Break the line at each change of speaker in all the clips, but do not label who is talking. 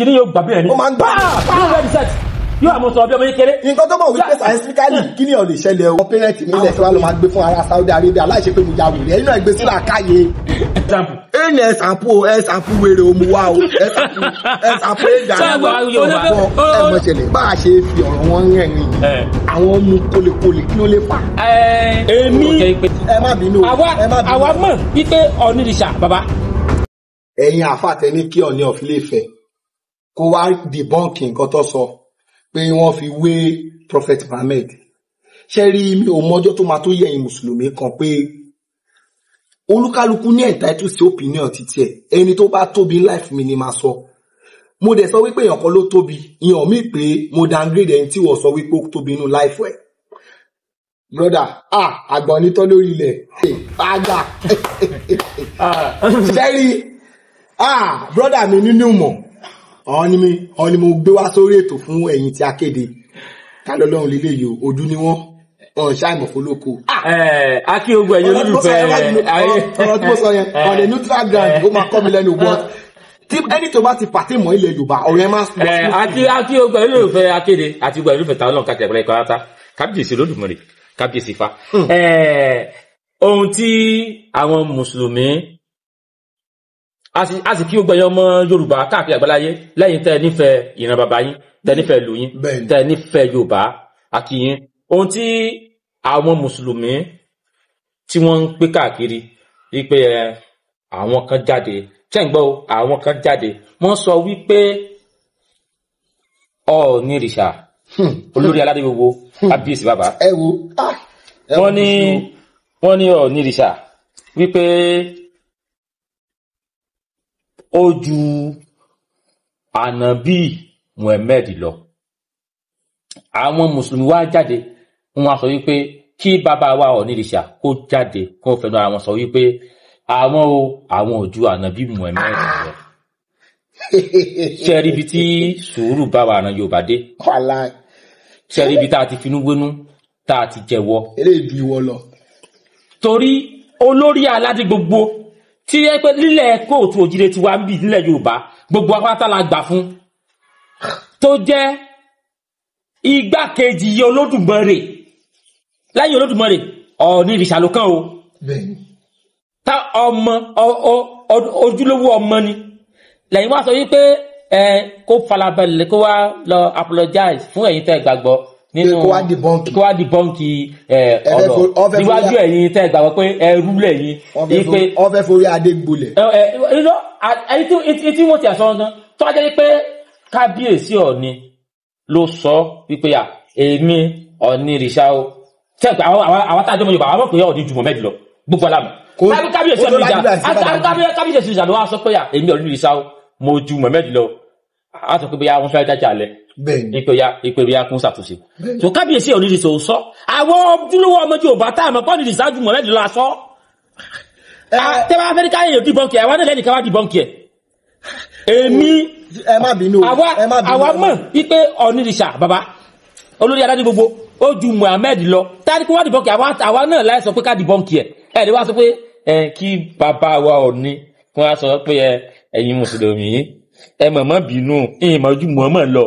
kìíní yóò gbàgbé rẹ̀ ní. ó máa ń gbà á ah! yóò rẹ̀ yóò àmọ́ sọ̀rọ̀ bí ọmọ yín kéré. nǹkan tó mọ̀ wípé
scientifically kí ni ọ̀lẹ̀ ṣẹlẹ̀ ọ pẹ́rẹ́ǹtì mi lẹ̀ sọ́wọ́ ló máa gbé fún ara Saudi Arabia láìṣe pé mo ja wèrè ẹ̀yin náà gbé sílẹ̀ àkáyé. ẹnì ẹ sàpò ẹ sàpò wèrè òmu wa o ẹ sàpò ẹ sàpò ẹ dà ní wa ẹ mọ̀ bá a ṣe fi ọ̀rọ̀ wọn rẹ̀ ni àwọn ọmọ kólekóle kí ló lè fà. èmi àwa mọ̀ wípé ọ̀nìrìṣà bàbá. ẹ̀yin àfàtẹ́ ní kí ọ̀nì ọ̀fìlẹ̀ fẹ́ kó wá dìbọ́ǹkì nǹkan tó sọ pé wọ́n fi wé prophet Muhammad ṣe rí mi ò mọjọ́ tó máa tó yẹ̀yìn mùsùlùmí kan pé olúkálukú ní entitled sí opinion títí ẹ̀ ẹni tó bá tóbi life mi ni máa sọ mo dẹ̀ sọ wípé èèyàn kan ló tóbi ìyàn mí pé mo downgrade ẹni tí wọ́n sọ wípé ó tóbi inú life ẹ̀ broda ah àgbà onítọ́ lórí ilẹ̀ àgbà ṣẹ́rí ah broda mi nínú mọ̀ ọ̀hún ni mo gbé wá sórí ètò fún ẹ̀yin tí a kéde kálọ́lọ́run lílé yìí ojú ni wọ́n ọ̀ṣàìmọ̀ fọlọ́kọ. akí ah! ogun ẹ̀yin olólùfẹ́ ọ̀rọ̀ tí mo sọ yẹn eh. on a neutral ground ó máa kọ́ mi lẹ́nu wọ́n tí ẹni tó bá ti pàtẹ́ mọ́ ilẹ̀ yorùbá
ọ̀rẹ́ máa sọ. àti akí ogun ẹ̀yin olólùfẹ́ akéde àti ogun ẹ̀yin olólùfẹ́ táwọn náà kàtẹ́ ẹ̀kọ́ ẹ̀kọ́ ata kábíyèsí lódùmarè kábíyèsí fa. Hmm. Eh, ohun tí àwọn mùsùlùmí a sì kí o gbẹ̀yàn ọmọ yorùbá káàkiri àgbáláyé lẹ́yìn tẹ́ nífẹ̀ẹ́ ìran bàbá yín tẹ́ nífẹ̀ẹ́ ìlú yín tẹ́ nífẹ̀ẹ́ yorùbá àkìyín ohun tí àwọn mùsùlùmí tí wọ́n ń pé káàkiri wípé àwọn kan jáde tẹ́ǹgbọ́ àwọn kan jáde wọ́n sọ wípé ọ̀ọ́nì rìṣà hmm, olórí aládé gbogbo abíyèsí hmm. bàbá ah, wọ́n ní ọ̀ọ́nì rìṣà wípé ó ju ànábì muhammed lọ àwọn mùsùlùmí wá jáde wọ́n sọ wípé kí bàbá wa ọ̀nìrìṣà kó jáde kó fẹnu àwọn sọ wípé àwọn o àwọn ò ju ànábì muhammed
lọ ah.
ṣẹ́rí ibi tí sùúrù bá wà ran yorùbá dé ṣẹ́rí ibi tá a ti finú gbénú tá a ti jẹ́wọ́. torí olórí aládé gbogbo tí yẹ pé nílẹ̀ kóòtù òjìlé ti wá ń bì nílẹ̀ yorùbá gbogbo apáta la gbà fún tó jẹ́ igbákejì olódùmarè lẹ́yìn olódùmarè ọ̀ọ́ni ìrìṣà ló kàn o ta ọmọ ojúlówó ọmọ ni lẹ́yìn wá sọ wípé ẹ kó falabalẹ̀ kó wá lọ apologize fún ẹ̀yin tẹ́ gbàgbọ́ nínú kó wá dìbọ́ǹkì kó wá dìbọ́ǹkì eh, ọ̀rọ̀ níwájú ẹ̀yin tẹ́ gbàgbọ́ pé ẹrú lẹ́yìn. ọfẹ forí adé gbolẹ̀. etí eh, eh, wọn ti àṣọ gan tó a jẹ́ pé kábíyèsí ọ̀ni ló sọ wípé à èmi ọ̀ni rìṣà o tẹ́gbà àwọn tá a jọ mọ̀ yorùbá àwọn mọ̀ pé ọ̀ni jùmọ̀ mẹ́jọ lọ gbogbo alámọ̀ kábíyèsí ọ̀ni rìṣà kábíyèsí rìṣà ló wá sọ pé à èmi ọ̀ni rìṣà o mo ju mọ̀ mẹ́jọ lọ á sọ pé bóyá wọn fẹ́ dájà lẹ́ ipe ya ipe ya kún ṣàtúnṣe tó kábíyèsí òní ìdìsọ sọ àwọn ojúlówó ọmọ tí ò bá tá àmọ́ pọ́nì ìdìsọ àjùmọ̀ mẹ́rin lọ sọ. tẹ́wọ́ afẹ́ríkà yẹn dìbọ́nkì ẹ̀ wọ́n ní lẹ́yìn káwá dìbọ́nkì ẹ̀. èmi àwa mọ̀ ipe òní ìdìsà bàbá olórí adájọ́ gbogbo ó ju Muhammed lọ táyà kí wọ́n dìbọ́nkì àwa náà láì sọ pé ká dìbọ́nkì ẹ̀ ẹ̀ lè wá sọ pé kí bàbá wa òní fún wa sọ pé ẹ̀yin mùsùlùmí ẹ̀ mọ̀mọ́ bínú ìmọ̀jú mọ̀mọ́ lọ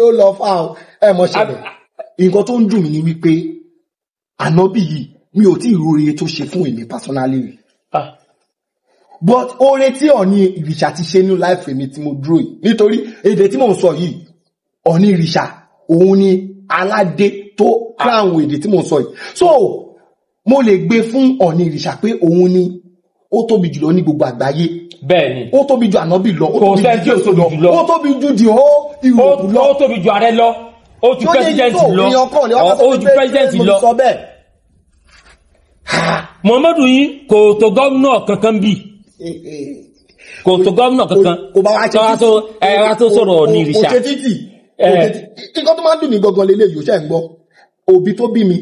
ó lọ fà ó ẹ mọ̀ ṣẹlẹ̀ nǹkan tó ń dùn mí ni wípé ànábì yìí mi ò tí ì róore tó ṣe fún èmi personally rí ah. but oore tí ọ̀ní ìrìṣà ti ṣe ní láìfẹ́ mi tí mo dúró yìí nítorí èdè tí mò ń sọ yìí ọ̀ní ìrìṣà òun ni aládé tó crown èdè tí mò ń sọ yìí so mo lè gbé fún ọ̀ní ìrìṣà pé òun ni ó tóbi jùlọ ní gbogbo àgbáyé. bẹ́ẹ̀ni ó tóbi ju ànábì lọ ó tóbi ju jésù lọ ó tóbi ju dìhó ìwòkú lọ ó tóbi ju ààrẹ lọ
ó ju pẹ́sidẹ́ǹtì lọ ó ju pẹ́sidẹ́ǹtì lọ muhammadu yìí kò tó gómìnà kankan bí eh, eh. kò tó gómìnà kankan ẹ̀rọ tó sọ̀rọ̀ ní ìrìṣà.
Eh. nǹkan máa ń dùn ní gangan lélẹ́yìí ó ṣe ń gbọ́ òbí tó bí mi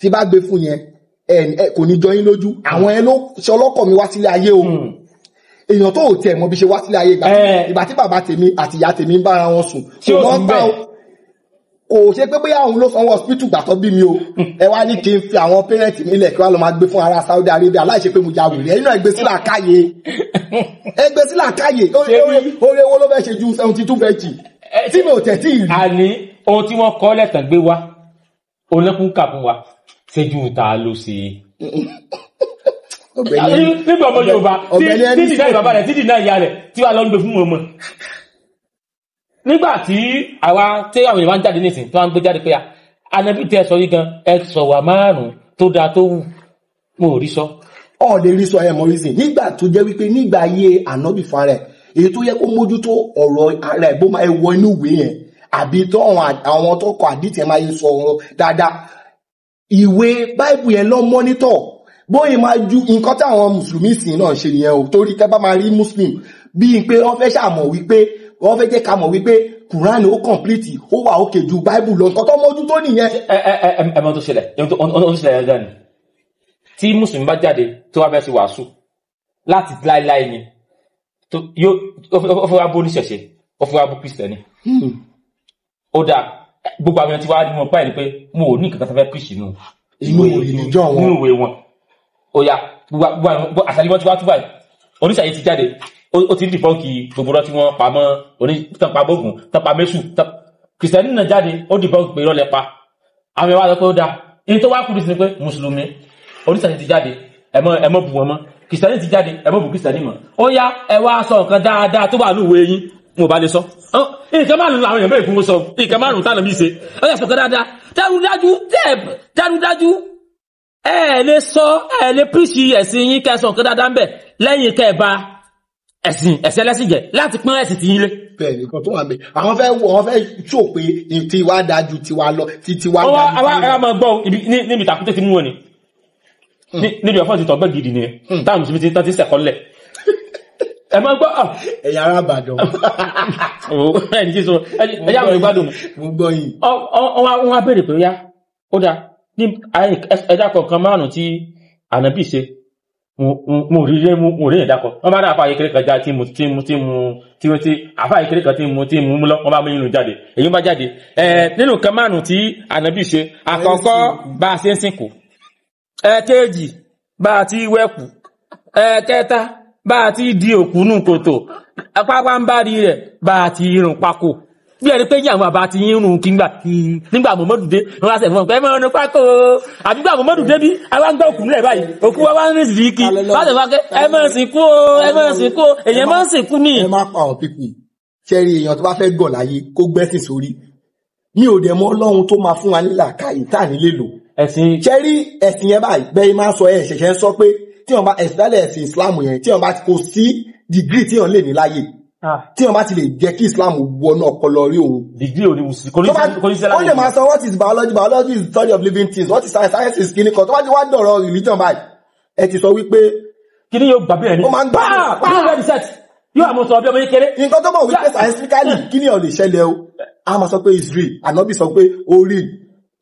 ti bá gbé fún yẹn ẹ kò ní jọyín lójú àwọn ẹ ló ṣe ọlọ́kọ̀ mi wá sílé ayé o hmm. èèyàn tó ò tiẹ̀ mọ bí ṣe wá sílé ayé eh. ìgbà tí bàbá tèmi àti ìyá tèmi ń bára wọn sùn kò lọ́ọ́ bá kò ṣe pé bóyá òun ló sanwó hospital gbà tó bí mi o hmm. ẹ wá ní kí n fi àwọn parent mi lẹ̀ kí wọ́n lọ máa gbé fún ara Saudi Arabia láì ṣe pé mo ja wèrè ẹ̀yin náà ẹ gbé sílà káyè ẹ
gbé sílà káyè oore wo ló fẹ́ ṣe ju seventy two fẹ́ẹ̀tì eh, tí mi ò tẹ̀ tí ì rí. àní ohun tí wọ́n kọ́ lẹ́tàn gbé wá onílẹ̀kùn fún wa ṣéjú ta ló ṣe nígbà ọmọ yorùbá tí dìnnà ìbàbá rẹ̀ tí dìnnà ìyá rẹ̀ tí wà lọ ń gbé fún ọmọ nígbà tí àwa tí àwọn èèyàn máa ń jáde nísìn tí wọ́n gbé jáde pé a anabi tẹ sọ yìí gan ẹ sọ wà márùn tó dáa tó wù mo ò rí sọ. ọ̀ọ́dẹ rí sọ ẹ̀ mọ́ rí sí nígbà tó jẹ́ wípé nígbà ayé
ànábì fún rẹ̀ èyí tó yẹ kó mójútó ọ̀rọ̀ ara ẹ̀ bó máa wọ inú ìwé yẹn àbí tó àwọn tó kọ àdìtẹ̀ máa ń sọ ọ̀rọ̀ dáadáa ìwé báìbù yẹn lọ mọ́nítọ̀ bóyá máa ju nǹkan táwọn mùsùlùmí sìn náà ṣe nìyẹn o torí tẹ́ bá máa rí muslim bíi pé wọ́n fẹ́ ṣàmọ̀ wípé wọ́n fẹ́ jẹ́ ká mọ̀ wípé kùránì ó kọ̀m̀plìtì ó
wà òkè ju báìbù lọ nǹkan tó mójú tó nìyẹn. ẹ ẹ ẹ ẹ mọ tó ṣẹlẹ̀ ohun tó ṣẹlẹ̀ yẹn dání tí mùsùlùmí bá jáde tó wá bẹ́ẹ̀ ṣe wàásù láti láéláé ni yóò ó fọwọ́ bó oníṣẹ̀ṣe ó fọwọ́ bó kristẹni hmm. ó dáa gbogbo àwọn ti wàá rí wọn báyìí pé mo ò ní nǹkan kan tó fẹ́ píṣì nù inú
ìdíjọ́ wọn nínú
ìwé wọn oya gbogbo àwọn àṣàlíwọ́n ti wá tú báyìí ti jáde ó ti ń dìbọ́ǹkì gbogbo rán tí wọ́n pa mọ́ oní tán pa bóògùn tán pa mẹ́sù tán kìrìsìtẹ́nì náà jáde ó dìbọ́ǹkì pé rọ́lẹ̀ pa àwọn ìwà sọ pé ó dáa èyí tó wá kú ní pé mùsùlùmí oníṣàyè ti jáde ẹ mọ́ bù wọn mọ́ kìrìsìtẹ́nì ti jáde ẹ mọ́ bù kìrìsìtẹ́nì mọ́ ó yá ẹ wá sọ nǹkan dáadáa tó wà ní mo bá lè sọ nǹkan márùn-ún làwọn èèyàn bẹ́ẹ̀ fún mo sọ nǹkan márùn-ún tánà bí ṣe ó yà sọ̀kan dáadáa dárudájú tẹ́ẹ̀b dárudájú ẹ ẹ̀ lè sọ ẹ ẹ̀ lè píríṣì ẹ̀sìn yín kẹsàn nǹkan dáadáa ń bẹ̀ lẹ́yìn kẹba ẹ̀sìn ẹ̀sìn ẹlẹ́sìn jẹ láti pín ẹ̀sìn ti yín lé.
bẹ́ẹ̀ nìkan tó wà mí àwọn fẹ́ wọ́n fẹ́ sọ pé tiwa dájú tiwa lọ ti tiwa dájú. ọwọ́ àwa
àwa máa gbọ́ níbi ìtàkùn hmm. níbi ọ̀fọ̀ ti tọ́gbẹ́ gidi ni hmm. táwọn mùsùlùmí ti tán ti sẹ̀kọ́ lẹ̀ ẹ máa gbọ́ ah. ẹ̀yà ara àbàdàn. ẹni tí sọ ẹ̀yà àwọn ìgbádùn. mo gbọ́ yìí. wọ́n á béèrè pé yá ó dáa ní ẹ̀dá kọ̀ọ̀kan márùn-ún tí ànábì ṣe mo rí rí mo rí ẹ̀dá kan wọ́n bá dá àfa ayékeré kan já tí mo tí mu, tí mo tí mu, tí àfa ayékeré kan tí mo tí mu, mu, lọ wọ́n bá mú inú jáde èyí bá jáde ẹ nínú kan márùn-ún tí ànábì ṣe àkọ́kọ́ bá a ṣe ń sìnkú ẹ̀ẹ̀kejì bá a ti wẹ̀kú ẹ̀ẹ̀kẹta bá a ti di òkúnú kòtò apápá ń bá rí rẹ̀ bá a ti rùn pákó bí ẹni pé yàwọn àbá ti ń rùn kígbà nígbà mọ̀mọ́dù dé wọn wá sẹ̀fọ́n pẹ́ mọ́rún pákó àbígbà mọ̀mọ́dù bí àwọn òkú rẹ̀ báyìí òkú wa wá ń rìn sí kí wọ́n sẹ̀fọ́n pé ẹ mọ̀ sí kú o ẹ mọ̀ sí kú o èyàn mọ̀ sí
kú ni. ẹ má pa àwọn pípì ṣẹ́rí èèyàn tó bá fẹ́ gọ̀ láyé kó gbẹ́sìn sórí mi ò dẹ̀ mọ̀ ọlọ́run tó máa fún wa nílà káyì tá à nílé lò ẹ̀sìn ṣẹ́rí ẹ̀sìn yẹn báyìí bẹ́ẹ̀ máa sọ ẹ̀ ṣẹ̀ṣẹ̀ sọ pé tí wọn bá ẹ̀sìdálẹ̀ ẹ̀sìn islam yẹn tí wọn bá kò sí dìgírì tí wọn lè ní láyè ah. tí wọn bá ti lè jẹ́ kí islam wọnú ọpọlọ rí òun. dìgírì ò ní wùsí kò ní sẹ́lá. ó lè máa sọ what is biology biology is the study of living things what is science science is kìíní kan tó bá ti wá dọ̀rọ̀ religion báyìí ẹ ti sọ wípé. kìíní yóò gbàgbé ẹni. ó máa ń gbà á pa á yóò àmọ́ sọ ọbẹ̀ ọmọ yín kéré. nǹkan tó mọ̀ wípé scientifically kìíní ò lè ṣẹlẹ̀ o a máa sọ pé is real ànábì sọ pé ó rí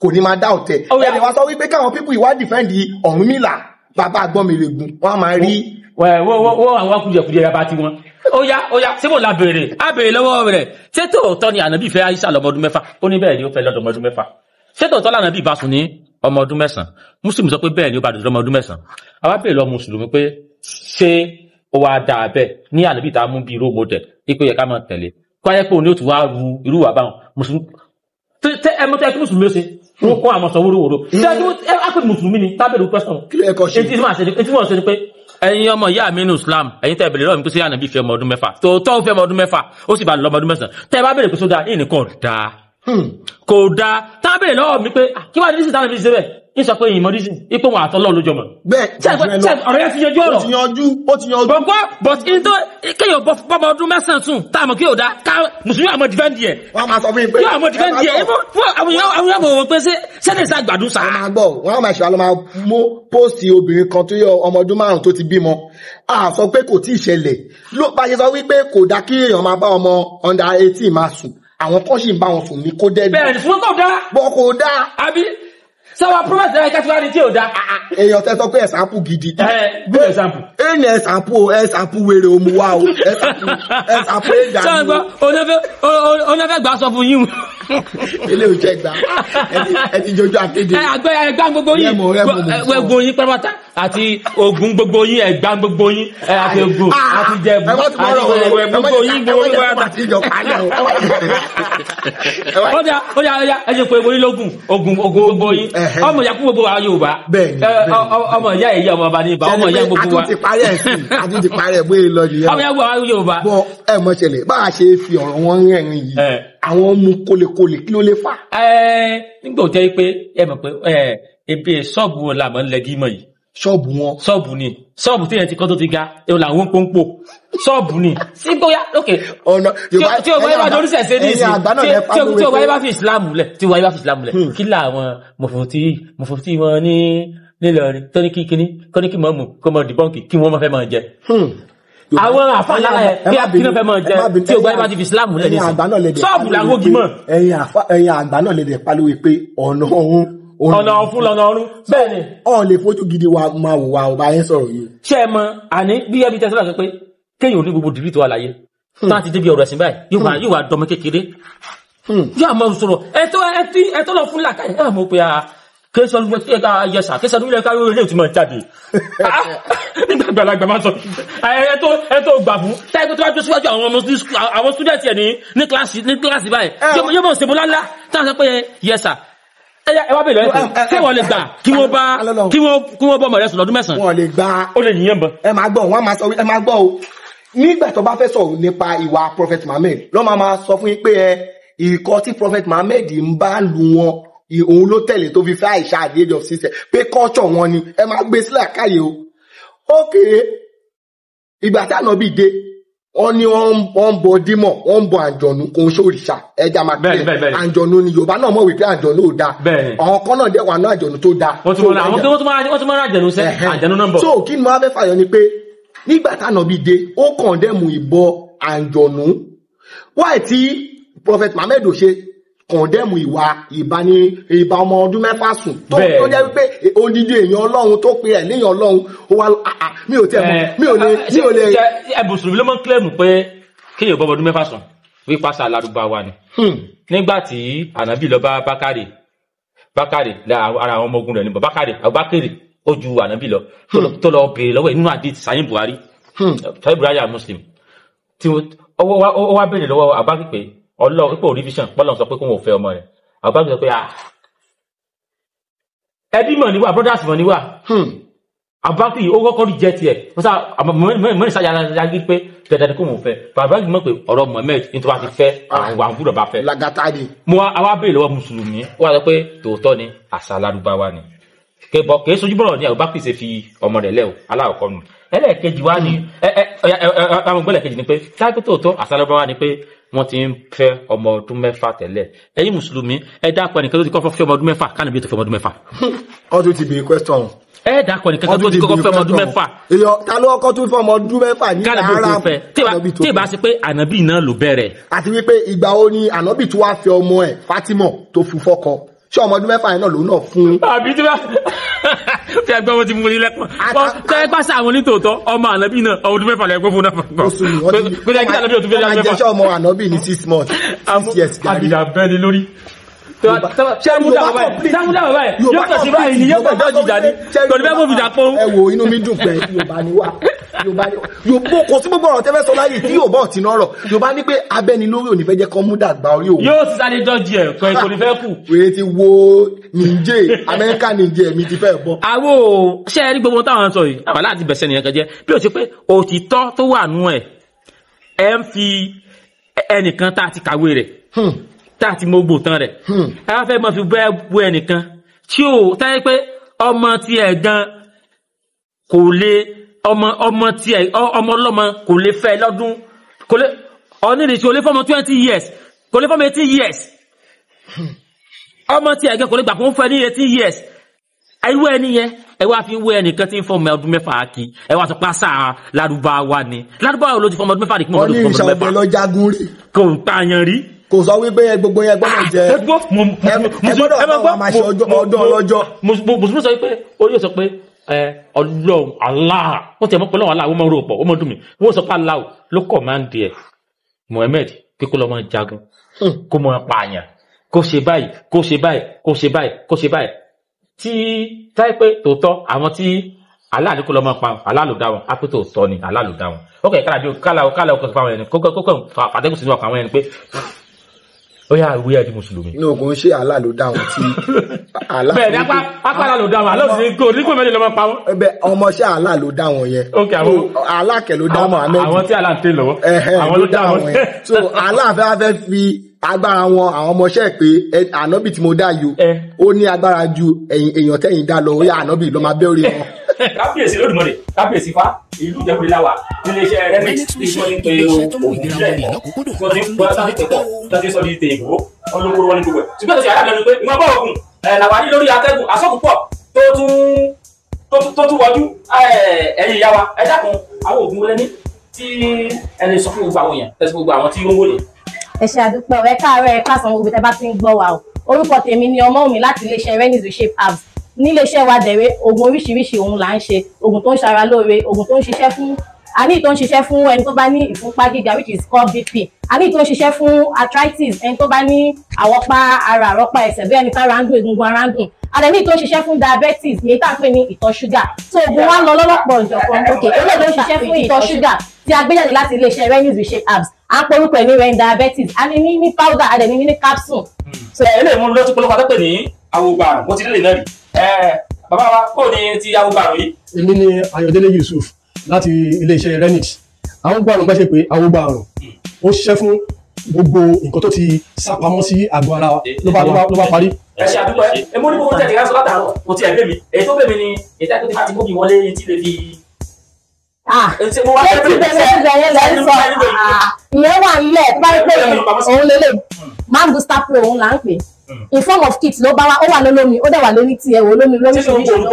kò ní máa dá ọ̀tẹ̀ ẹni wá sọ wípé káwọn pípù ìwádìí fẹ́ǹdì Ọ̀rúnmìlà bàbá agbọ́nmiregun wọ́n máa rí.
wọ́n àwọn kùjẹkùjẹ yaba ti wọn ó yá ó yá síbò la béèrè á béèrè lọ́wọ́ rẹ̀ ṣé tòótọ́ ni ànábì fẹ́ Aisha lọ́mọdún mẹ́fà ó ní bẹ́ẹ̀ ni ó fẹ́ lọ́dọ̀mọdún mẹ́fà ṣé tòótọ́ lànàbì bá sùn ní ọmọ ọdún mẹ́sàn-án mùsùlùmí sọ pé bẹ́ẹ̀ ni ó bá dùn lọ́mọ ọdún mẹ́sàn-án àwa béèrè lọ mùsùlùmí pé ṣé ó wá dáa bẹ́ẹ̀ ní ànábì tá a mú bí irú òmò dẹ̀ ipò yẹ ká máa tẹ̀lé kó ayẹ́ pé òun ni ó ti wá ru irú wà báwọn mùsùlùmí ẹ mọ́tò ẹ kí mùsùlùmí ó ṣe ló kọ́ àwọn sọ wóróworó dájú ápè mùsùlùmí ni tábìlì pẹ́sàn etí mọ̀ ṣe ni pé ẹ̀yin ọmọ ìyá mi nínú Islam ẹ̀yin tẹ́ bèrè lọ́wọ́ mi pé sóyà nàbí hmm. kò dáa tábìlì lọ́wọ́ mi pé ah, kí wàá ní sísè tábìlì ṣe ń sọ pé ìmọ̀ rísì ipò wọn àtọ́lọ́ lójọ mọ̀. bẹ́ẹ̀ ọ̀rọ̀ yẹn ti yanjú ọ̀rọ̀ ó ti yanjú ó ti yanjú. bọ̀gbọ́ but in tó kéèyàn bọ́mọ ọdún mẹ́sàn-án sùn tá a mọ̀ kí yóò dá ká mùsùlùmí àmọ̀ dìfẹ́ǹdì ẹ̀. wọ́n máa sọ fún mi pé yóò àmọ̀ dìfẹ́ǹdì ẹ̀ fún àwọn yàrá wọn pé sẹ́ni sá gbàdún sá. wọ́n
máa gbọ́ wọ́n máa ṣe àlọ́ máa mú póòsì obìnrin kan tó yẹ ọmọ ọdún márùn-ún tó ti bímọ a sọ pé kò tí ì ṣẹlẹ̀ ló bá ṣe sọ wípé kò dá kí èèyàn máa bá ọmọ under eighteen máa sùn àwọn kan sì ń bá wọn sùn ní kó dẹ́nu. bẹ́ẹ̀ ni fún kò dáa. bọ́ kò dáa. àbí sáwà promise náà kẹ́tù wá ní tí ò da. èèyàn tẹ sọ pé ẹ̀sánpù gidi. good example. ẹ ní ẹ̀sánpù ẹ̀sánpù wèrè òmùwà o
ẹ̀sánpù ẹ̀dá. sọ́nà gbọ́ onífẹ́ gbà sọ fún yín ilé ìjẹ gbà ẹ ti jojú akéde. àgbẹ̀ ẹgbà gbogbo yín wẹ̀gbọ̀n yín pẹ́pátá àti ogun gbogbo yín ẹgbà gbogbo yín àti ogun ah! àti jẹ̀bù àti wẹ̀wẹ̀ gbogbo yín gbogbo yín pẹ́pátá. ọ̀dà ọ̀dà ọ̀dà ẹ ṣe pé orí lógun ogun ogun gbogbo yín ọmọ ìyá kú gbogbo wa Yorùbá ọmọ ìyá ẹ̀yà ọmọ ọba ní ibà ọmọ ìyá gbogbo wa. àti ti parí ẹ̀ sí àti ti parí ẹ̀ bóyá lọ nìyẹn. ọmọ ìyá gbogbo wa
Yorùbá. bọ ẹ mọ̀ ṣẹlẹ̀ a ṣe fi àwọn ọmọ kólekóle kí ló
lè fà. ẹ nígbà tó jẹ́ pé ẹ mọ̀ pé ẹ ebi ṣọ́ọ̀bù wọn làmọ́ lẹ́gí mọ̀ yìí. ṣọ́ọ̀bù wọn. ṣọ́ọ̀bù ni ṣọ́ọ̀bù tí yẹn ti kọ́ tó ti ga ẹ làwọn pọ́npọ́ ṣọ́ọ̀bù ni. sí bóyá lókè. ọ̀nà yorùbá tí o wáyé bá dorí sẹ̀sẹ̀ ní ìsìn tí o wáyé bá fi ìsìlámù lẹ̀ tí o wáyé bá fi ìsìlámù lẹ̀ kí làwọn mọ̀fọ̀tì mọ̀fọ̀tì wọn ní nílọrin tó ní kí kíní kó ní kí mọ̀ọ́mù kó mọ̀ dìbọ́ǹkì kí wọ́n máa fẹ́ máa àwọn àfàlà ẹ bí akínà fẹ́ máa jẹ tí o gbá nípa ti fi islam lẹ́nu sí sọ́ọ̀bù làwọn ògì mọ̀.
ẹ̀yin àgbà náà lè dẹ̀ pariwo pé ọ̀nà ọ̀hún. ọ̀nà ọ̀fun lọ́nà ọ̀run bẹ́ẹ̀ ni. ọ̀n lè fojú gidi wa máa wò wa ọba yẹn sọ̀rọ̀ yìí.
ṣé ẹ mọ àní bí ẹbí tẹ sọ́dọ̀ pé kéèyàn ní gbogbo dìrì tó láyé hmm. tó àti débi ọ̀rọ̀ ẹ̀sìn báyìí yóò hmm. wá dọmọ kékeré hmm. yóò àmọ́ kéṣọ ló fẹ́ ká yẹsà kéṣọ ló fẹ́ ká yóò lè túmọ̀ jáde nígbàgbà làgbà máa sọ ẹ tó ẹ tó gbà fún táyé tó bá tó síwájú àwọn ọmọ àwọn student yẹn ní ní kíláàsì ní kíláàsì báyìí yóò mọ̀ sèmọ́lá ńlá táwọn sọ pé yẹsà ẹ wá bèèrè ẹ̀sìn ṣé wọ́n lè gbà kí wọ́n bá kí wọ́n
bọ́ ọmọ rẹ̀ sùn lọ́dún mẹ́sàn-án wọ́n lè gbà ó lè yíyan bọ́. ẹ máa gbọ́ wọn máa sọ ẹ máa gbọ́ o nígbà tó bá fẹ́ sọ̀rọ̀ nípa ìwà prophet mohammed lọ́ọ́ máa sọ fún yín pé ẹ ìkọ́ tí prophet mohammed ń bá lu wọn òun ló tẹ̀lé tó fi fẹ́ àìsà at the age of six pé culture wọn ni ẹ máa gbé sílẹ̀ káyé o ókèrè ìgbà táwọn bí dé wọ́n ní wọ́n ń bọ dímọ̀ wọ́n ń bọ àǹjọ̀nù kò ń ṣòrìṣà ẹja máa pè é àǹjọ̀nù ni yorùbá náà mọ̀ wípé àǹjọ̀nù ò dáa àwọn kan náà dẹ̀ wà ní àǹjọ̀nù tó dáa. wọ́n
tún máa ń sẹ́ àjẹ̀nù náà bọ̀. so
kí ni mo fẹ́ fàyọ ni pé nígbà táwọn bí dé ó kàn dẹ́mu ìbọ àǹjọ̀nù wáì prophet Muhammad ò kọ̀ndẹ́mù ìwà ìbani ìbá ọmọ ọdún mẹ́fà sùn tó tó jẹ́ pé odidi èèyàn ọlọ́run tó pe ẹ̀ léèyàn ọlọ́run ó wá ah, ah, mi ò tẹ̀ mọ́ eh, mi ò lè ah, mi ò lè.
ẹ̀bùsùn ló mọ́ ń kílẹ̀mù pé kéèyàn bọ́ ọdún mẹ́fà sùn wípa sa Lárúbáwá ni hmm. nígbà tí ànábì lọ bá bákàrè bákàrè ara àwọn ọmọ ogun rẹ̀ níbọ̀ bákàrè àbákàrè ó ju ànábì lọ tó lọ hmm. béèrè lọ́wọ́ inú àdìt sàyìn Buhari hmm. sàyìn Buhari àmuslim tí ó wá béèrè lọ́wọ́ àbákàrè ọlọ́run pé òrí vision pọ́lọ́n sọ pé kóun ò fẹ́ ọmọ rẹ̀ àbúrò sọ pé à ẹbí mọ̀ níwà brothers mọ̀ níwà abakiri ó kọ́kọ́ rí jẹ́ tiẹ̀ wọ́n sá mọ́rin sáyà yára pé dandan ni kò mọ̀ fẹ́ bàbáàgì mọ̀ pé ọ̀rọ̀ Mohammed ní tó bá ti fẹ́ wà ń gbúdọ̀ bá fẹ́. lagata ni. mo wá àwa béèrè lọ́wọ́ mùsùlùmí ó wà sọ pé tòótọ́ ni àṣà alárúbáwá ni kébọ kèé sojú bọ̀rọ̀ ni abakiri ṣe fi ọmọ rẹ̀ lẹ́ o aláwọ̀kọ́ nù ẹlẹ́ẹ̀kejì wá ni ẹ ẹ ọmọ gbọ́dọ̀ kejì ni pé táyà pé tòótọ́ àṣà alárúbáwá ni pé wọ́n ti ń fẹ́ ọmọ ọdún mẹ́fà tẹ́lẹ̀ ẹ̀yin mùsùlùmí ẹ dákọ ẹnìkan tó ti kọ́kọ́ fẹ́ ọmọ ọdún mẹ́fà kánà bí tó fẹ́ ọmọ ọdún mẹ́fà.
ọdún ti bèè question. ẹ
dákọ ẹnìkan tó ti kọ́kọ́ fẹ́ ọmọ ọdún mẹ́fà.
èèyàn ta ló kọ́ tó fẹ́ ọmọ ọdún mẹ́fà ní ara
tí ì bá ṣe pé ànábì náà ló bẹ̀rẹ̀.
àti wípé ìgbà wo ni ànábì tó wá fẹ́ ọmọ ẹ̀ Fatima tó fi fọ́kọ ṣé ọmọ ọdún mẹ́fà yẹn náà lòun náà fún.
àbí tí wọ́n fi ẹgbẹ́ wọn ti mú ilé pọ̀ tẹ́ ẹ pàṣẹ àwọn onítòótọ́ ọmọ ànábì náà ọmọ ọdún mẹ́fà lẹ́gbẹ́ fún náà. oṣù ni wọ́n ti kó jẹ́ kí ànábì ọdún mẹ́fà. àjẹsẹ́
ọmọ ànábì ní six months
six years gari. àbíjà bẹ́ẹ̀ ni lórí
yorùbá kọ́ yorùbá yorùbá kò sí gbogbo ọ̀rọ̀ tẹ́fẹ́ sọ láyè tí yorùbá ọ̀tí náà rọ̀ yorùbá ní pé abẹ́ni lórí òní fẹ́ jẹ́ kọ́ mú dàgbà orí òun. yóò sì
sáré jọ́jì ẹ̀ kan èkó ni fẹ́
kù. wèrè ti wo nìjẹ́ amẹ́ríkà nìjẹ́ mi ti fẹ́ bọ́. àwo
ṣe é rí gbogbo táwọn sọ yìí àwọn aláàtì bẹ̀sẹ̀ nìyẹn kan jẹ́ bí o ṣe pé òtítọ́ tó wà nú ẹ̀ ẹ̀ ń fi ẹnìkan tá a ti kàwé rẹ̀ hmm. tá a ti mọ gbò tán rẹ̀ hmm. ẹ wá kò lè ọmọ ọmọ tiẹ̀ ọmọ ọlọ́mọ kò lè fẹ́ lọ́dún kò lè ọ̀nìrìsì kò lè fọ́mọ twenty years kò lè fọ́mọ eighteen years ọmọ tiẹ̀ gẹ́ kò lè gbà fún fẹ́ ní eighteen years irú ẹni yẹn ẹ wá fi wé ẹnìkan tí ń fọmọ ọdún mẹ́fà kí ẹ wá sọ pé àṣà Lárúbáwá ni Lárúbáwá ló ti fọmọ ọdún mẹ́fà ní kí wọn ló ti fọmọ ọdún mẹ́fà. ọ̀nìrìsì
ọ̀bẹ lọ jagun rí. kò sọ wípé gbogbo yẹn gbọ́dọ̀ jẹ ẹ
gbọ́dọ̀ ọmọ àmàṣe ọdún ọlọ́jọ́. mùsùlùmí sọ pé orí yóò sọ pé ọlọ́run alá wọ́n ti ẹ̀ mọ́ pẹ̀lú àwọn aláwọ̀ ọmọ ròpọ̀ ọmọ dùnmí wọ́n sọ pé aláwọ̀ ló kọ̀ máa ń di ẹ̀ Mohammed pé kó lọ máa jagun hmm. kó máa pààyàn kó ṣe báyìí kó ṣe báyìí kó ṣe báyìí kó ṣe báyìí tí táyé pé tòótọ́ àwọn tí Allah ní kó lọ máa pa Allah ló dá wọn á pé tòótọ́ ni Allah ló dá wọn ó kẹ̀ kára bí kálá kálá kó fà ó yà wí ẹ di mùsùlùmí. ní
ogun ṣé àlá ló dá wọn tí
àlá. bẹ́ẹ̀ ni apá apá àlá ló dá wọn àlọ sí kò ní kò mẹ́rin lọmọ pa wọn.
bẹ ọmọ ṣé àlá ló dá wọn yẹn. ok àwọn àlá kẹ ló dá Muhammed. àwọn tí àlá ń tẹ lọ́wọ́. àwọn ló dá wọn yẹn. so àlá fẹ́ fẹ́ fi agbára wọn àwọn ọmọọṣẹ́ pé ànábì tí mo dá yìí ó ní agbára ju èèyàn tẹ́yìn dá lọ ó yà ànábì lọ́ọ́ máa bẹ́ orí wọn
kábíyèsí lódìmọ̀lẹ̀ kábíyèsí fa ìlú ìjẹ́kùn ìlàwà iléeṣẹ́ remix ti sọ ní pé òun ìjẹ́ ìkọ́ tó ti ń bọ́ sáfì tẹ̀kọ́ tó ti sọ ní ti ìbò wọn ló kúrò wọn ní gbogbo ẹ̀ ṣùgbọ́n tó ti àyà mẹ́nu pé ìmọ̀ bọ́ ògùn làwà ní lórí atẹ́gùn asọ́kùpọ̀ tó tún wọjú ẹ̀yìn ìyá wa ẹ dákun àwọn ògùn lẹ́ni tí ẹni sọ fún gbogbo àwọn èèyàn tẹ̀sí gbogbo àwọn tí ó ń wọlé.
ẹ ṣe àdúpẹ́ ọ̀rẹ́ káàárọ̀ ẹ káàsán gbogbo tẹ bá ti ń gbọ́ wa o orúkọ tèmi ni ọmọ mi láti iléeṣẹ́ renis reshape apps níléeṣẹ́ wa dẹ̀wé oògùn oríṣiríṣi òun là ń ṣe oògùn tó ń ṣara lóore oògùn tó ń ṣiṣẹ́ fún a ní tó ń ṣiṣẹ́ fún ẹni tó bá ní ìfúnpá gíga which is called bp a tó ń ṣiṣẹ́ fún arthritis ẹni tó bá ní àwọ̀pá ara àrọ́pá ẹsẹ̀ bí ẹni tára ń dùn egungun ara ń dùn àdẹ̀mí tó ń ṣiṣẹ́ fún diabetes ní tá à ń pè ní ìtọ̀ ṣúgà tó oògùn wa ń lọ lọ́lọ́pọ̀ ìjọ̀kan òkè eléyìí tó ń ṣiṣẹ́ fún ìtọ̀ ṣúgà tí a gbéjáde láti iléeṣẹ́ renews reshape apps à ń porúkọ ẹ̀mí rẹ̀ ní diabetes a ní ní powder àdẹ̀mí ní capsule. Hmm. ẹ ẹ lè mú lọ́tún polówó
àtọ́pẹ̀ ní àwògbà wọ́n ti délé náà rí bàbá wa kò ní ti awúgbàrún yìí.
èmi ni Ayọ̀délé Yusuf láti iléeṣẹ́ Renit awúgbàrún bá ṣe pé awúgbàrún ó ṣiṣẹ́ fún gbogbo nǹkan tó ti sápamọ́ sí àgọ́ ara wa
ló bá parí. ẹ ṣe àdúgbò ẹ ẹ mú ní gbogbo tẹ̀lé ránṣọ látàárọ̀ kò tiẹ̀ bẹ̀ mí èyí tó bẹ̀ mí ni èyí tó ti bá ti gbógi wọlé tí lè fi. Ah, ṣé mo wá fẹ́ bẹ̀rẹ̀ bẹ̀rẹ̀ bẹ̀rẹ̀ lẹ́yìn sọ ah,
ìyẹn wà nílẹ̀ tó bá rí pé òun lélẹ̀ máa ń bu stapro òun là ń pè é in form of kit ló bá wa ó wà lólómi ó dẹ̀ wà lóní tiẹ̀ wò lómi lómi ṣèlú ìṣèlú ló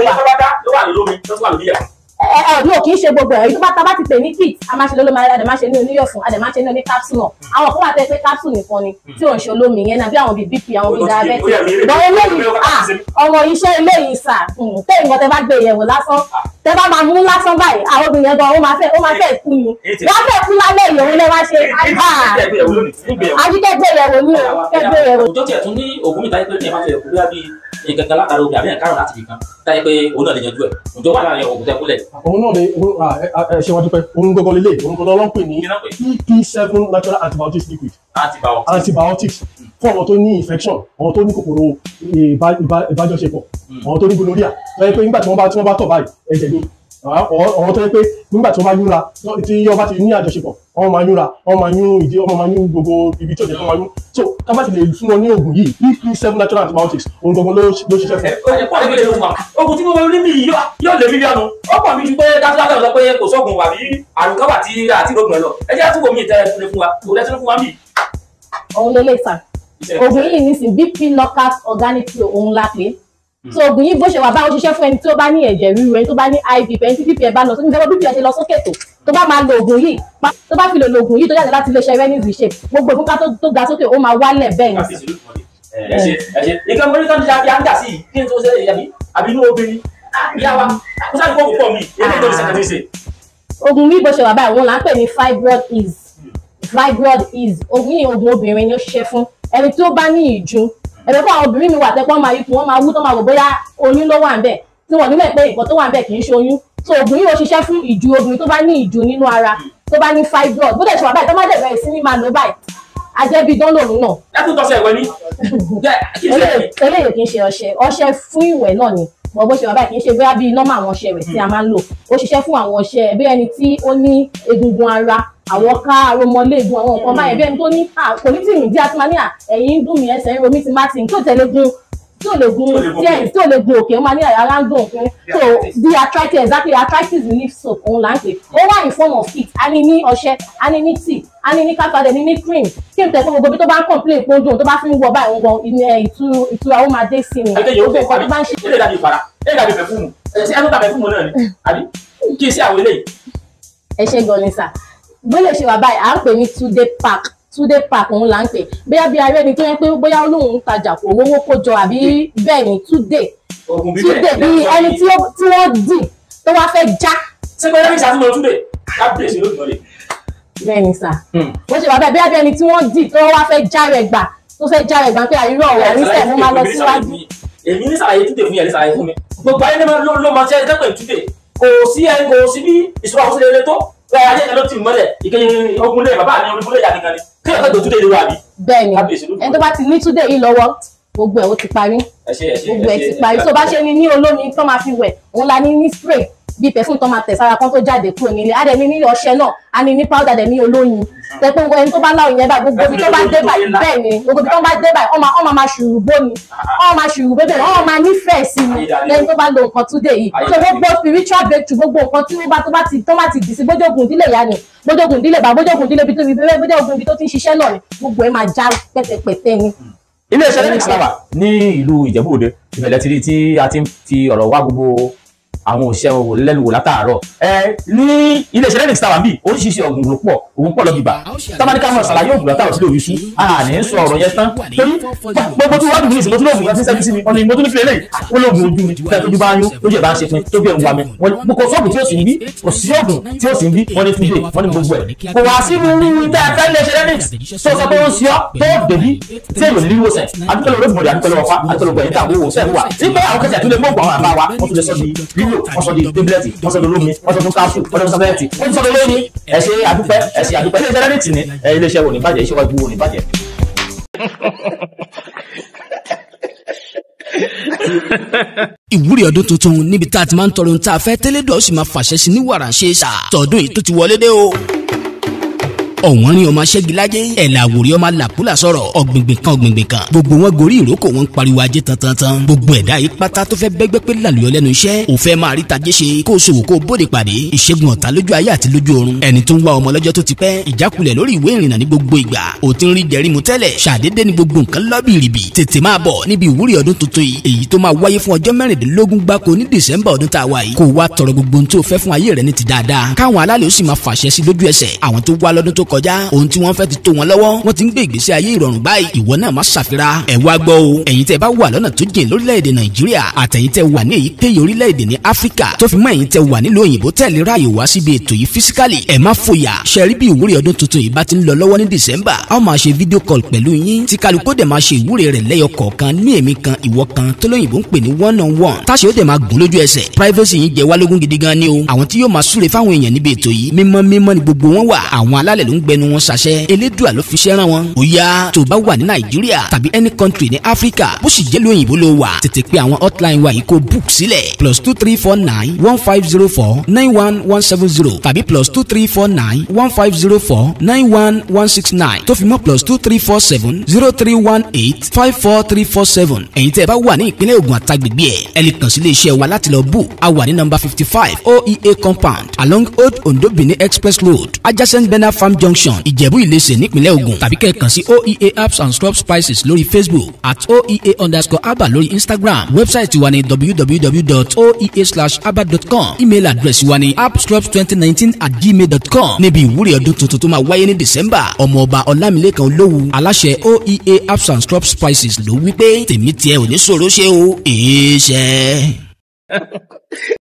wà ọdún ò kì í ṣe gbogbo ẹ̀ ìtúbà tá a bá ti pè ní kit a máa ṣe lólómi ara rẹ̀ máa ṣe ní oníyọ̀sùn a dẹ̀ máa ṣe ní oní capsule náà àwọn kan wà tẹ́ pé capsule nìkan ni tí ò ń ṣe olómi yẹn náà bí àwọn bíi bp àwọn bíi diabetes ìbọn eléyìí ọmọ iṣẹ́ eléyìí sà tẹ́ ìwọ̀n tẹ́ bá gbé yẹ̀wò lásán tẹ́ bá máa mú lásán báyìí àwọn obìnrin gan ó máa fẹ́ ó máa fẹ́ kú ni wọ́n fẹ́ kú lálẹ́ ìyẹ̀wò lẹ́ wá ṣe àjíkẹ́ gbé yẹ̀wò ní o kẹ́
gbé yẹ̀wò. òjò tiẹ̀ tún ní ògùn ìtàgé pé ní ẹ̀ máa fẹ́ kú bí nǹkan kan látara obìnrin àbí nǹkan láti fi kan táyé pé òun náà lè yanjú ẹ̀ òjò wà láàrin òkúta ìkúlẹ̀.
òun náà lè ṣe wọn dúpẹ́ òun gbogbo lélẹ̀ òun gbogbo lọ́n pè ní pp seven natural antibiotics liquid antibiotics fún àwọn tó ní infection àwọn tó ní kòkòrò eh, ìbájọṣepọ̀ hmm. àwọn tó ní gonorrhea lọ́yẹ́ pé nígbà tí wọ́n bá tọ̀ báyìí ẹ̀jẹ̀ ni ọ̀rọ̀ tó yẹ pé nígbà tí wọ́n bá yúnra tí ọba ti ní àjọṣepọ̀ wọ́n máa
yúnra wọ́n máa yún ìdí ọmọ máa yún gbogbo ibi tí ọ̀jẹ̀ kan máa yún so kábà ti lè fún wọn ní oògùn yìí pp seven natural antibiotics ohun gbogbo ló ṣiṣẹ́ fún. oògùn tí mo wọ orí mi yìí yóò lè rí lẹ́nu ọ̀pọ̀ mi ju pé dájúdájú ọ̀sán pé kò sọ́gun wà bí àrùn kan wà tí àti ìrògùn ẹ̀ lọ ẹ jẹ́ àtúbọ̀ mi ìtẹ́rẹ̀ tún lè fún wa kò lẹ́ tún fún wa mí.
òun lè lè sàn oògùn yìí ní sin bp knockout organic flow òun la pè é Mm. so oògùn yìí bó ṣe wà báwo ṣiṣẹ́ fún ẹni tí ó bá ní ẹ̀jẹ̀ ríru ẹni tó bá ní iv ẹni tí bp ẹ bá lọ sókè nígbà bp ẹ lọ sókè tó tó bá máa lo oògùn yìí tó bá fi lò lo oògùn yìí tó jáde láti ilé iṣẹ́ revenue shape gbogbo ìfúnpá tó ga sókè ó máa wálẹ̀ bẹ́ẹ̀ ni.
ẹ ṣe ẹ ṣe ìkànnì orí kan ti ya ń dà sí yìí kí n tó ṣe àbí inú obìnrin ah, ìyá wa
kó sáà gbọ́ púpọ̀ mi
èdè ìjọba ìṣẹ̀lẹ̀ ṣe.
oògùn mi bó ṣe wà báyìí wọn là ń pè ní fibroid ease fibroid ease oògùn yìí oògùn obìnrin ni ó ṣiṣẹ́ fún ẹni tí bá ní ìju ẹ̀bẹ̀ fún àwọn obìnrin mi wà tẹ́pọ́n máa ipò wọ́n máa wú tó máa wò bóyá oyún ló wà ń bẹ̀ tí wọ́n nílẹ̀ pé nǹkan tó wà ń bẹ̀ kì í ṣe oyún so oògùn yìí ó ṣiṣẹ́ fún ìjù obìnrin tó bá ní ìjù nínú ara tó bá ní fibroid bó dẹ̀ ṣe wà báyìí tó má dẹ̀ bẹ̀rẹ̀ sí ní máa lò báyìí ajẹ́bí dánlòrú náà. látún tọ́sẹ̀ ìwẹ̀ ni. eléyìí kì í ṣe ọṣẹ ọṣẹ fún ìwẹ̀ náà ni mọ bó ṣe wà báyìí kì í ṣe bóyá bíi nọ́mà àwọn ọṣẹ rẹ̀ tí a máa ń lò ó ṣiṣẹ́ fún àwọn ọṣẹ bí ẹni tí ó ní egungun ara àwọn ká aromọléegun àwọn nǹkan báyẹn bí ẹni tó ní kò ní tí máa ní à ẹ̀yìn ń dùn mí ẹsẹ̀ ń romí ti má ti ń tó tẹ̀lé gun tí lè gun díẹ̀ tí lè gun òkè ó ní ara ń dùn so the arthritis exactly arthritis relief soap òun là ń pè ó wà in form of kit a ní ní ọṣẹ a ní ní tea a ní ní káfíńdà ní ní cream kí n tẹ fún gbogbo bí tó bá ń complain pé ó dùn tó bá fi ń wọ báyìí ń gan ìtura ó máa dé sí mi. ẹ̀jẹ̀ yóò fẹ́ kọ́ tó bá ń ṣe. ilé ìdàbí
ìfara ilé ìdàbí pẹ̀fúmù ẹ̀ ṣe tó ta pẹ̀fúmù náà ni àbí kí n ṣe àwọn eléyìí.
ẹ ṣe gan ni sà bó lè ṣe wà báyìí à ń pè ní Túndé Park Túndé Park òun là ń pè bóyá bí arẹ ni tó yẹ pé bóyá olóhùn ń tajà kò rówó kó àbí bẹ́ẹ̀ ni Túndé
Túndé bí ẹni
tí wọ́n dì tó wá fẹ́ já. ṣé bóyá bí sàtúmọ̀ Túndé
kábíyèsí ló dùn ọ́ bẹ́ẹ̀ ni sà hmm.
bó ṣe wà bẹ́ẹ̀ bí abẹ́ni tí wọ́n dì tó wá fẹ́ já rẹ̀ gbà tó fẹ́ já rẹ̀ gbà pé àríwá ọ̀rọ̀ àríṣẹ́ mo máa lọ síwájú.
èmi ní sàlàyé túnde fún é dẹ́pẹ̀ túnde ẹ ayé kan ló ti mọ́lẹ̀ ìkẹyìn ogun lé bàbá mi ogun lé ìyá nìkan ni kí ẹ̀ka tó túdé lórí àbí.
bẹ́ẹ̀ni ẹni tó bá ti ní túdé yìí lọ́wọ́ gbogbo ẹ̀ ó ti parí gbogbo ẹ̀ ti parí tó bá ṣe ni ní olómi tó máa fi wẹ̀ òun la ní ní spray bíi pẹ̀fún tó máa tẹ̀ sára kan tó jáde kúrò nílé á dẹ̀ mi ní ọṣẹ náà á ní ní powder dẹ̀ ní olóyin tẹ̀pọ̀ ẹni tó bá láwọn yẹn báyìí gbogbo ibi tó bá dé báyìí bẹ́ẹ̀ ni gbogbo ibi tó bá dé báyìí ọmọ ọmọ máa ṣùrù bó ni ọmọ máa ṣùrù bébè ọmọ máa nífẹ̀ẹ́ sí ni lẹ́yìn tó bá lo nǹkan túdé yìí tó gbogbo spiritual breakthrough gbogbo nǹkan tí wọ́n bá tó bá ti tó bá ti dì sí bójógun ìdílé ìyá ni bójógun ìdílé bá bójógun ìdílé bí tó fi bẹ́ẹ̀ bójógun ibi tó ti ń ṣiṣẹ́ náà ni gbogbo ẹ máa já pẹ́tẹpẹ́tẹ ni iléeṣẹ́ lẹ́nìkì sábà
ní ìlú Ìjẹ̀bú Òde ìbẹ̀lẹ̀ ti rí tí a ti fi ọ̀rọ̀ wá gbogbo àwọn òṣìṣẹ́ wọn wò lẹ́nu wò látàárọ̀ ẹ ní iléeṣẹ́ lẹ́nìkì sábà bíi oríṣiríṣi ọ̀gùn ló pọ̀ ògùn pọ̀ lọ́gìbà tábàdíkà máa ṣàlàyé ògùn látàrọ̀ sílẹ̀ òyìnbó a ní sọ ọ̀rọ̀ yẹn tán torí gbogbo tí wọ́n dùn ní ìsìn mo tún lóògùn láti sẹ́bí sí mi ọ̀nà ìmọ̀tún nífẹ̀ẹ́ lẹ́yìn ó lóògùn ojú mi fẹ́ẹ́ tójú bá yún lójú ẹ̀ bá ń ṣe fún tó bí ẹ̀ ń wa mi wọ́n ní kò sóògùn tí ó sì ń bí kò sí ògùn tí ó kóró wọ́n di tablẹti wọ́n di olómi wọ́n di káfù wọ́n di sábẹ́ẹ̀tì wọ́n di olómi ẹ ṣé àdúpẹ́ ẹ ṣé àdúpẹ́ ilé ni ilé iṣẹ́ wò ní bàjẹ́ iṣẹ́ wájú wò ní bàjẹ́.
ìwúrí ọdún tuntun níbi tá a ti máa ń tọrọ ohun tá a fẹ́ tẹ́lẹ̀ dọ́ọ̀sì máa fàṣẹ sí ní wàrà ṣe é ṣá tọdún yìí tó ti wọlé dé o ọ̀wọ́n rin ọmọ ṣẹ́gilájẹ́ ẹ̀là àwòrán ọmọ làkúlà sọ̀rọ̀ ọ̀gbìngbìn kan ọ̀gbìngbìn kan gbogbo wọn gorí ìrókò wọn pariwo ajé tantantan gbogbo ẹ̀dá yìí pátá tó fẹ́ bẹ́gbẹ́ pé làlùyọ lẹ́nu iṣẹ́ ò fẹ́ máa rí tajé ṣe kó o ṣòwò kó o bóde pàdé ìṣègùn ọ̀tá lójú ayé àti lójú ọ̀run ẹni tó ń wá ọmọ lọ́jọ́ tó ti pẹ́ ìjákulẹ̀ lórí ìwé ìrìnnà ní gbogbo ìgbà ò ti ń rí jẹrí mu tẹ́lẹ̀ ṣàdédé ni gbogbo nǹkan lọ́bìrìbì tètè máa bọ̀ níbi ìwúrí ọdún tuntun yìí èyí tó máa wáyé fún ọjọ́ mẹ́rìndínlógún gbáko ní dìsẹ́mbà ọdún tá a wà yìí kó o wá tọrọ gbogbo ohun tó fẹ́ fún ayé rẹ ní ti dáadáa káwọn alálẹ̀ ó sì máa fàṣẹ sí lójú ẹsẹ̀ àwọn tó wá lọ́dún tó kọjá ohun tí wọ́n fẹ́ ti tó wọn lọ́wọ́ wọ́n ti ń gbé ìgbésí ayé ìrọ̀rùn báyìí ìwọ náà má ṣàfira ẹ̀ wá gbọ́ o ẹ̀yin tẹ́ bá wà lọ́nà tó jìn lórílẹ̀‐èdè nàìjíríà àtẹ̀yin tẹ́ wà ní èyíkéyìí orílẹ̀‐èdè ní áfíríkà tó fi mọ́ ẹ̀yin tẹ́ wà nílùú òyìnbó tẹ̀lé ráàyè wá síbi ètò yìí físíkàlì ẹ̀ má fòyà ṣẹ́rí bí ìwúrí ọdún tuntun yìí bá ti ń lọ lọ́wọ́ ní dìsẹ́mbà a ó máa ṣe fídíò kọ́ọ̀lù pẹ̀lú one on one táṣe ó dẹ̀ máa gùn privacy yín jẹ́ wá lógún o àwọn tí yóò máa ni gbogbo wọn wà àwọn alálẹ̀ ló ń gbẹnu wọn ṣaṣẹ elédùà ló fi ṣẹ́ rán wọn. ó yá tó bá wà ní nàìjíríà tàbí any country ní áfíríkà bó sì jẹ́ lóyìnbó ló wà tètè pé àwọn hotline wa yìí kó book sílẹ̀ plus two three four nine one five zero four nine one one seven zero tàbí plus two three four nine one five zero four nine one one six nine tó fi mọ́ plus two three four seven zero three one eight five four three four seven ẹ̀yin tẹ́ ẹ bá wà ní ìpínlẹ̀ Ògùn àtàgbègbè ẹ̀ ẹ lè kàn sí iléeṣẹ́ wa láti lọ book a wà ní nọ́mbà fifty five oea compound along old ondo benin express road adjacent bena farm junction junction ìjẹ̀bú ìlẹsẹ̀ nípínlẹ̀ Ògùn tàbí kẹ́ sí oea apps and scrub spices lórí facebook at oea underscore herbal lórí instagram wẹ́bsáìtì wa ni www.oea/herbal.com email address wa ni appscrubs2019 at gmail.com níbi ìwúrí ọdún tuntun tó máa wáyé ní december ọmọọba ọlámilẹ́kan olówù aláṣẹ oea herbs and scrub spices ló wí pé tèmi tiẹ̀ ò ní ṣòro ṣe o èé ṣe.